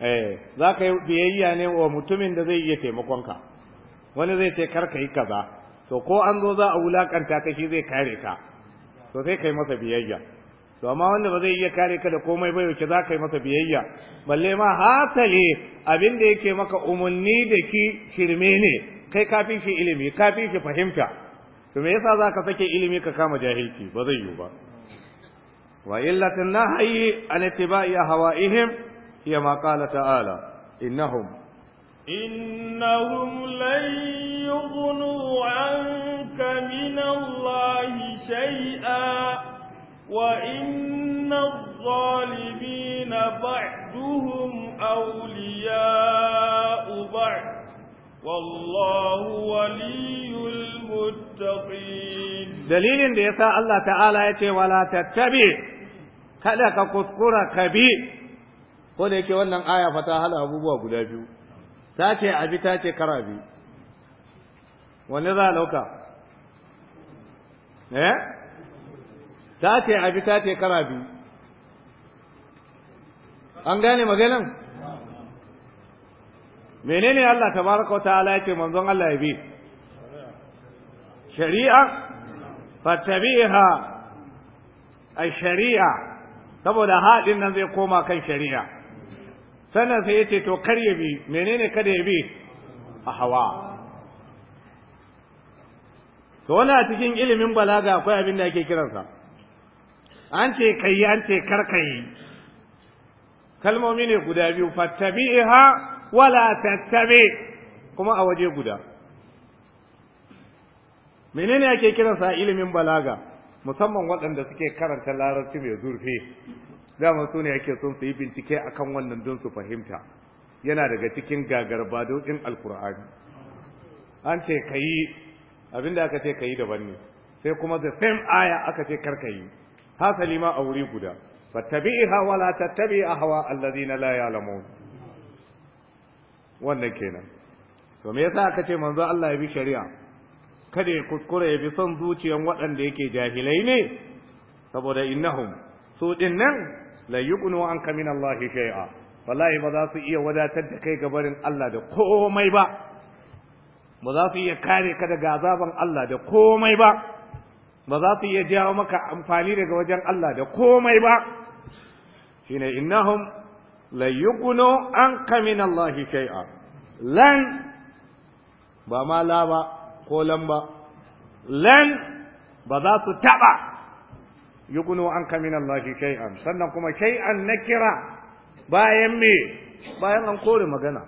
eh za ka yi biyayya ne wa mutumin da zai iya taimakon ka wani zai ce kar ka yi kaza to ko an zo za a wulakanta ka shi zai kare ka to sai kai masa biyayya to amma wanda ba zai iya kare ka da komai ba yauke za ka yi masa biyayya balle ma hasale abin da yake maka umarni da ki shirme ne kai kafin shi ilimi kafin shi fahimta to me yasa zaka sake ilimi ka kama jahilci ba zai yiwu ba wa illatan nahyi an ittiba'i hawaihim hiya ma qala ta'ala innahum innahum lan yughnu anka min Allahi shay'a wa inna الظالمين بعدهم أولياء بعد والله ولي للمتقين دليل ده يسا الله تعالى يتي ولا تتبع kada ka kuskura ka bi ko da yake wannan aya fa ta hala abubuwa guda biyu ta ce abi ta ce kara bi wanne za a ɗauka eh ta ce abi ta ce kara bi an gane maganan menene Allah tabaraka wa ta'ala ya ce manzon Allah ya bi shari'a fatabiha a shari'a saboda haɗin nan zai koma kan shari'a sannan sai ya ce to kar ya bi menene kada ya bi a hawa to wani a cikin ilimin balaga akwai abin da ake kiransa an ce kai an ce kar kai kalmomi ne guda biyu fattabi'iha wala tattabi kuma a waje guda menene ake sa ilimin balaga musamman waɗanda suke karanta larabci mai zurfi dama su ne ake son su yi bincike akan wannan don su fahimta yana daga cikin gagarba dokin alkur'ani an ce ka yi abinda aka ce ka yi daban ne sai kuma the same aya aka ce kar ka yi hasali ma a wuri guda fattabi'iha wala tattabi'a hawa na la ya'lamun wannan kenan to me yasa aka ce manzo Allah ya bi shari'a kada ya kuskura ya bi son zuciyan waɗanda yake jahilai ne saboda innahum su din nan la yuqnu anka min Allah shay'a wallahi ba za su iya wadatar da kai gabarin Allah da komai ba ba za su iya kare ka daga azaban Allah da komai ba ba za su iya jawo maka amfani daga wajen Allah da komai ba shine innahum la yuqnu ka min Allah shay'a lan ba ma la ba ko lamba len ba za su taɓa yugunu an ka min Allah sannan kuma shay'an na kira bayan me bayan an kore magana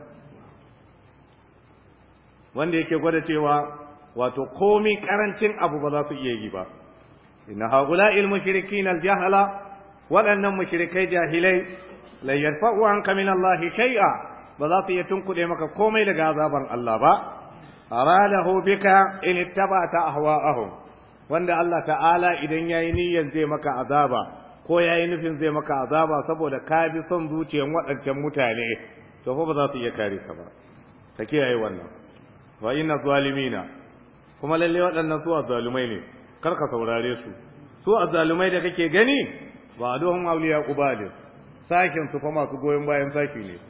wanda yake gwada cewa wato komi karancin abu ba za su iya yi ba inna haula il mushrikin al jahala waɗannan mushrikai jahilai la yarfa'u an min Allah shay'a ba za su iya tunkuɗe maka komai daga azaban Allah ba aradahu bika in ittaba'ta ahwa'ahum wanda Allah ta'ala idan yayi niyyar zai maka azaba ko yayi nufin zai maka azaba saboda ka bi son zuciyar waɗancan mutane to fa ba za su iya kare ka ba ka kiyaye wannan wa inna zalimina kuma lalle waɗannan su azzalumai ne kar ka saurare su su azzalumai da kake gani ba aduhum awliya qubalin sakin su fa masu goyon bayan saki ne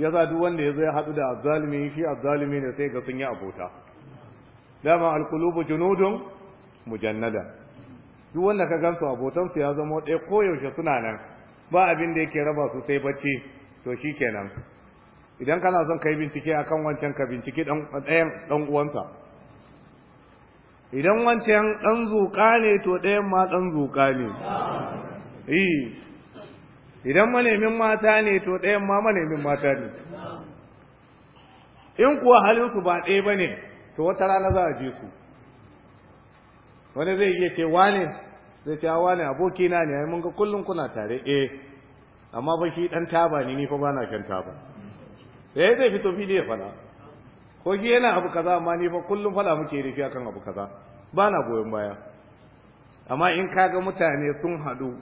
Ya za duk wanda ya zo ya haɗu da azzalimi shi azzalimi ne sai ga sun yi abota dama alqulubu junudun mujannada duk wanda ka gansu abotansu ya zama ɗaya koyaushe suna nan ba abin da yake raba su sai bacci to shi kenan idan kana son kai bincike akan wancan ka bincike ɗayan ɗan uwansa idan wancan ɗan zuƙa ne to ɗayan ma ɗan zuƙa ne idan manemin mata ne to ɗayan ma manemin mata ne in kuwa halinsu ba ɗaya ba ne to wata rana za a je ku wani zai iya ce wane zai ce wane abokina ne ai mun ga kullum kuna tare eh amma ba shi ɗan taba ne ni fa ba na kan taba eh zai fito fili ya fada ko shi yana abu kaza amma ni fa kullum fada muke rufi akan abu kaza ba na goyon baya amma in kaga mutane sun haɗu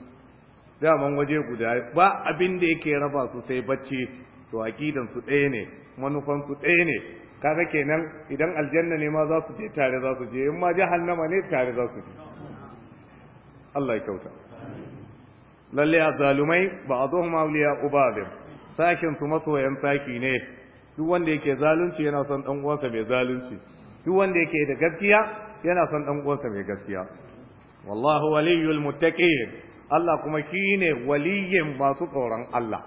daman waje guda ba abin da yake raba su sai bacci to aqidan su ɗaya ne manufan su ɗaya ne kaga kenan idan aljanna ne ma za su je tare za su je in ma jahannama ne tare za su je Allah ya kauta lalle azalumai ba'dhum awliya ubad sakin su masoyan saki ne duk wanda yake zalunci yana son dan uwansa mai zalunci duk wanda yake da gaskiya yana son dan uwansa mai gaskiya wallahu waliyul muttaqin Allah kuma kine waliyin masu tsoron Allah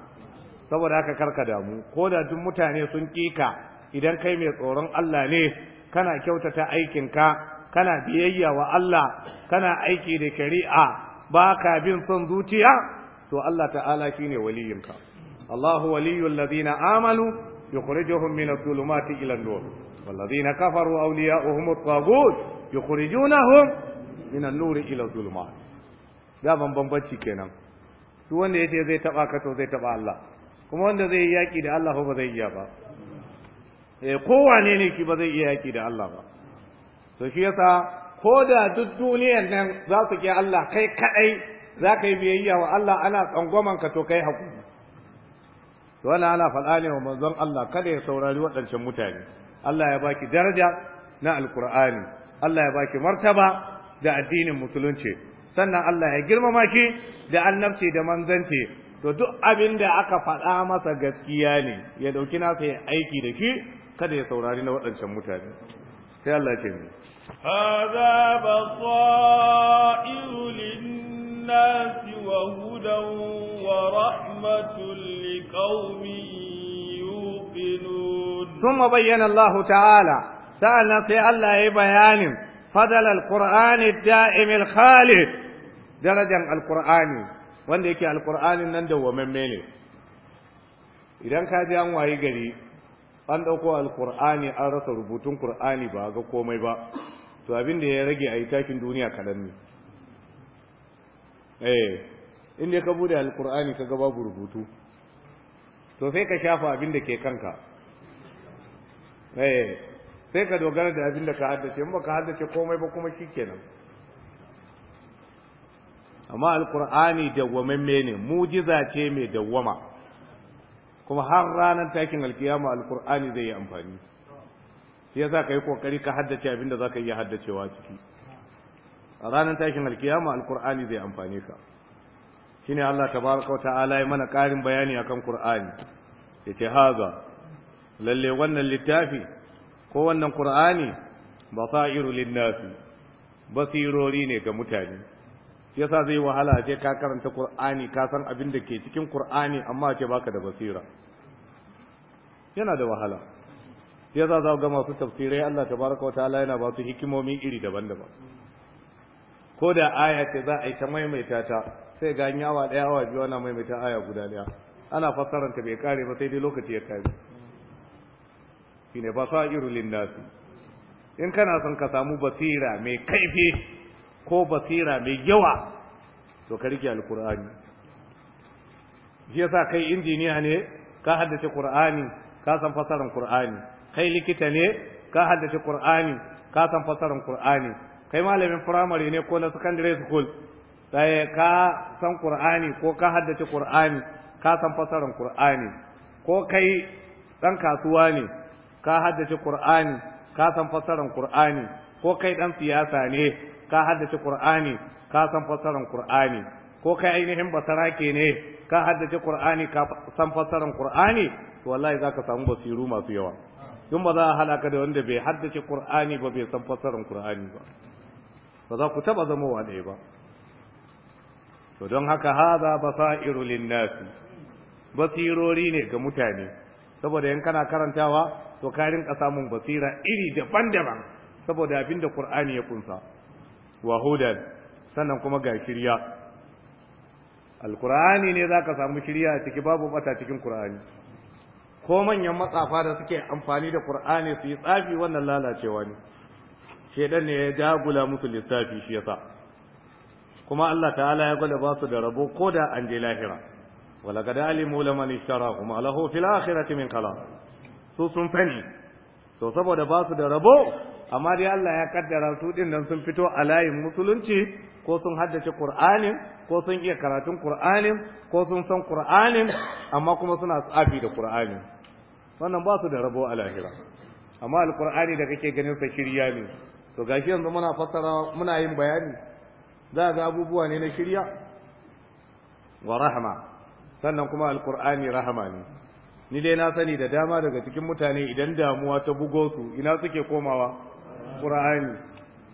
saboda haka karka damu ko da duk mutane sun kika idan kai mai tsoron Allah ne kana kyautata aikinka kana biyayya wa Allah kana aiki da shari'a ba ka bin son zuciya to Allah ta'ala shine waliyinka Allahu waliyul ladina amanu يخرجهم من الظلمات إلى النور والذين كفروا أولياؤهم الطاغوت يخرجونهم من النور إلى الظلمات daman bambanci kenan duk wanda yace zai taba ka to zai taba Allah kuma wanda zai yaki da Allah ba zai iya ba eh kowane ne ki ba zai iya yaki da Allah ba to shi yasa ko da duk duniyar nan za su ki Allah kai kadai za ka yi biyayya wa Allah ana tsangwaman ka to kai hakuri to wannan ana faɗa ne wa manzon Allah kada ya saurari waɗancan mutane Allah ya baki daraja na alkur'ani Allah ya baki martaba da addinin musulunci sannan Allah ya girmama shi da annabci da manzanci to duk abin da aka faɗa masa gaskiya ne ya dauki nasa ya aiki da shi kada ya saurari na waɗancan mutane sai Allah ce ni hadha basairu lin wa hudan wa rahmatul liqaumin yuqinun thumma bayyana Allah ta'ala sa'an sai Allah ya bayanin fadal al-Qur'an daim khalid darajan alkur'ani wanda yake alkur'anin nan da dawwamamme ne idan ka ji an wayi gari an ɗauko alkur'ani an rasa rubutun kur'ani ba ga komai ba to abin da ya rage a yi takin duniya kadan ne eh inda ka bude alkur'ani ka babu rubutu to sai ka shafa abin da ke kanka eh, sai ka dogara da abin da ka haddace in ka haddace komai ba kuma shi kenan amma alkur'ani dawwamamme ne mujiza ce mai dawwama kuma har ranar takin alkiyama alkur'ani zai yi amfani shi yasa ka yi kokari ka haddace abin da za ka iya haddacewa ciki a ranar takin alkiyama alkur'ani zai amfane ka shine Allah tabaraka ta'ala ya mana karin bayani akan Qur'ani yace haza lalle wannan littafi ko wannan Qur'ani basairu linnasi basirori ne ga mutane shi yasa zai wahala je ka karanta Qur'ani ka san abin da ke cikin Qur'ani amma ce baka da basira yana da wahala shi yasa za ga masu tafsirai Allah tabaraka wataala yana ba su hikimomi iri daban-daban ko da aya ce za a yi ta maimaita ta sai ga yawa daya awa biyu ana maimaita aya guda daya ana fassaranta bai kare ba sai dai lokaci ya kare shine sa irulin nasi in kana son ka samu basira mai kaifi ko basira mai yawa to ka rike shi yasa kai injiniya ne ka haddace qur'ani ka san fasaran qur'ani kai likita ne ka haddace qur'ani ka san fasaran qur'ani kai malamin primary ne ko na secondary school sai eh, ka san qur'ani ko ka haddace qur'ani ka san fasaran qur'ani ko kai dan kasuwa ne ka haddace qur'ani ka san fasaran qur'ani ko kai dan siyasa ne ka haddace qur'ani ka san fassarar qur'ani ko kai ainihin basarake ne ka haddace qur'ani ka san fassarar qur'ani to wallahi zaka samu basiru masu yawa in ba za a halaka da wanda bai haddace qur'ani ba bai san fassarar qur'ani ba ba za ku taba zama wa ba to don haka haza basairu linnasi basirori ne ga mutane saboda yan kana karantawa to ka rinka samun basira iri daban-daban saboda abin da Qur'ani ya kunsa wa hudan sannan kuma ga shirya alqur'ani ne zaka samu shirya a ciki babu bata cikin qur'ani ko manyan matsafa da suke amfani da qur'ani su yi tsafi wannan lalacewa ne shedan ne ya jagula musu lissafi shi yasa kuma Allah ta'ala ya gwada ba su da rabo ko da an je lahira wala kad alimu laman ishtarahu kuma lahu fil akhirati min qala su sun fani to saboda ba su da rabo amma dai Allah ya kaddara su din nan sun fito a layin musulunci ko sun haddace Qur'anin ko sun iya karatun Qur'anin ko sun san Qur'anin amma kuma suna tsafi da Qur'anin wannan ba su da rabo a lahira amma alqur'ani da kake ganin sa shirya ne to gashi yanzu muna fassara muna yin bayani za ga abubuwa ne na shirya wa rahma sannan kuma alqur'ani rahama ne ni dai na sani da dama daga cikin mutane idan damuwa ta bugo su ina suke komawa Qur'ani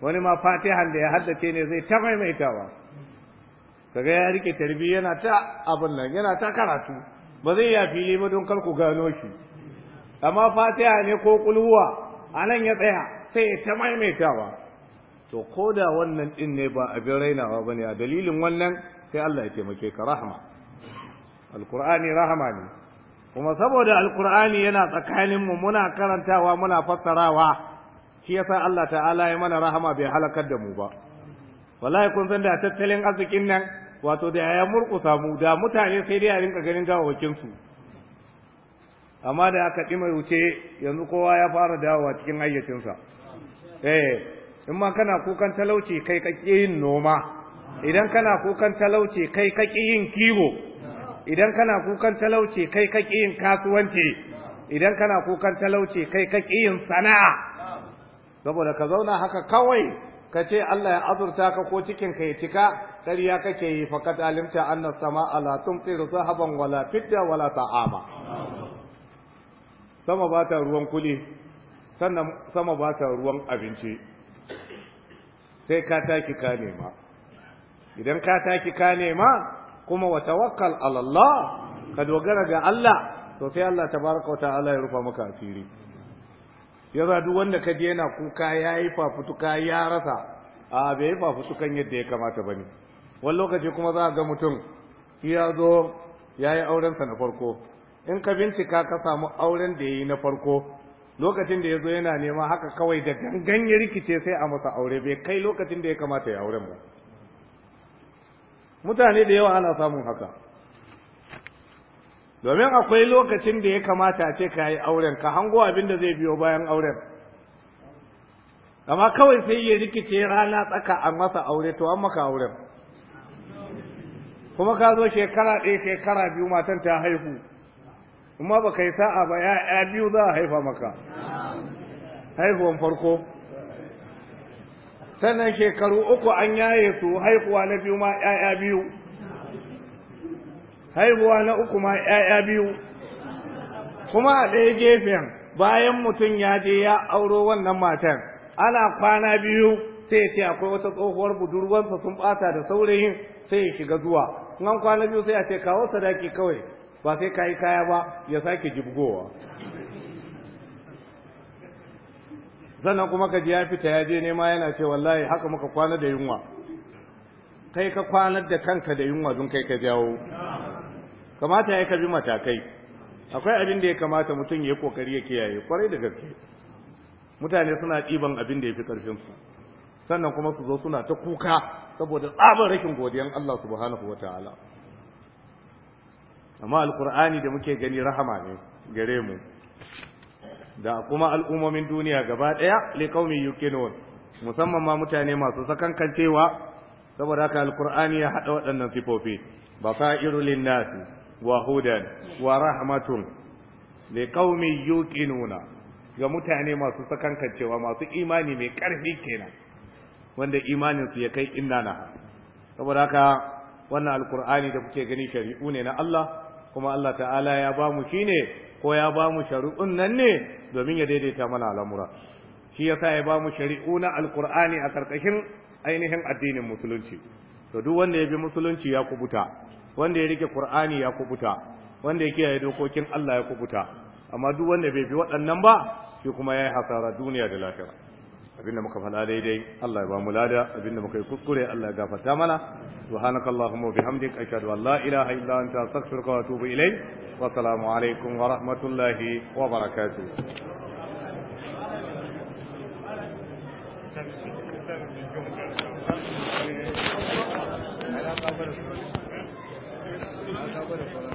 wani ma fatihan da ya haddace ne zai ta maimaitawa kaga ya rike tarbi yana ta abin nan yana ta karatu ba zai ya fili ba don kar ku gano shi amma fatiha ne ko kulhuwa anan ya tsaya sai ya ta maimaitawa to ko da wannan din ne ba abin rainawa ba ne a dalilin wannan sai Allah ya taimake ka rahama alkur'ani rahama ne kuma saboda alkur'ani yana tsakaninmu muna karantawa muna fassarawa shi yasa Allah ta'ala ya mana rahama bai halakar da mu ba wallahi kun san da tattalin arzikin nan wato da ya murkusa mu da mutane sai dai a rinka ganin gawawakin su amma da aka mai wuce yanzu kowa ya fara dawowa cikin hayyacinsa eh in ma kana kukan talauci kai kake yin noma idan kana kukan talauci kai kake yin kiwo idan kana kukan talauci kai kake yin kasuwanci idan kana kukan talauci kai kake yin sana'a saboda ka zauna haka kawai ka ce Allah ya azurta ka ko cikin ka ya cika ƙarya kake yi faqad alimta anna sama'a la tumtiru sahaban wala fidda wala ta'ama sama ba ta ruwan kuli sannan sama ba ta ruwan abinci sai ka taki ka nema idan ka taki ka nema kuma wa tawakkal ala Allah ka dogara ga Allah to sai Allah tabaraka wa ta'ala ya rufa maka asiri ya za duk wanda ka je yana kuka ya yi fafutuka ya rasa a bai yi fafutukan yadda ya kamata ba ne wani lokaci kuma za a ga mutum ya zo ya yi aurensa na farko in ka bincika ka samu auren da ya yi na farko lokacin da ya zo yana nema haka kawai da gangan ya rikice sai a masa aure bai kai lokacin da ya kamata ya auren ba mutane da yawa ana samun haka domin akwai lokacin da ya kamata a ce ka yi auren ka hango abin da zai biyo bayan auren amma kawai sai ya rikice rana tsaka a masa aure to an maka auren kuma ka zo shekara ɗaya shekara biyu matan ta haihu kuma ba kai sa'a ba ya biyu za a haifa maka haihuwan farko sannan shekaru uku an yaye su haihuwa na biyu ma ya biyu haihuwa na uku ma ‘ya'ya biyu kuma a ɗaya gefen bayan mutum ya je ya auro wannan matan ana kwana biyu sai ce akwai wata tsohuwar budurwansa sun ɓata da saurayin sai ya shiga zuwa Nan kwana biyu sai a ce kawo sadaki kawai ba sai ka yi kaya ba ya sake jibgowa sannan kuma ka ji ya fita ya je nema yana ce wallahi haka muka kwana da yunwa kai ka kwanar da kanka da yunwa don kai ka jawo kamata ya kabi matakai akwai abin da ya kamata mutum ya kokari ya kiyaye kwarai da gaske mutane suna ɗiban abin da ya fi ƙarfinsu, sannan kuma su zo suna ta kuka saboda tsabar rashin godiyan Allah subhanahu wa ta'ala amma alkur'ani da muke gani rahama ne gare mu da kuma al'ummomin duniya gaba ɗaya liƙaumi yukinun musamman ma mutane masu sakankancewa saboda haka alkur'ani ya haɗa waɗannan sifofi ba fa'iru linnasi وهدى ورحمة لقوم يوقنون ga mutane masu sakankancewa masu imani mai ƙarfi kenan wanda imanin su ya kai inna na saboda haka wannan alkur'ani da kuke gani shari'u ne na Allah kuma Allah ta'ala ya ba mu shine ko ya ba mu shari'un nan ne domin ya daidaita mana al'amura shi yasa ya ba mu shari'u na alkur'ani a karkashin ainihin addinin musulunci to duk wanda ya bi musulunci ya kubuta wanda ya rike qur'ani ya kubuta wanda ya kiyaye dokokin Allah ya kubuta amma duk wanda bai bi waɗannan ba shi kuma yayi hasara duniya da lafiya abin da muka faɗa daidai Allah ya ba mu lada da muka yi kuskure Allah ya gafarta mana subhanakallahumma bihamdika ashhadu an la ilaha illa anta astaghfiruka wa atubu ilayk wa assalamu alaikum wa rahmatullahi wa barakatuh ما خبره خلاص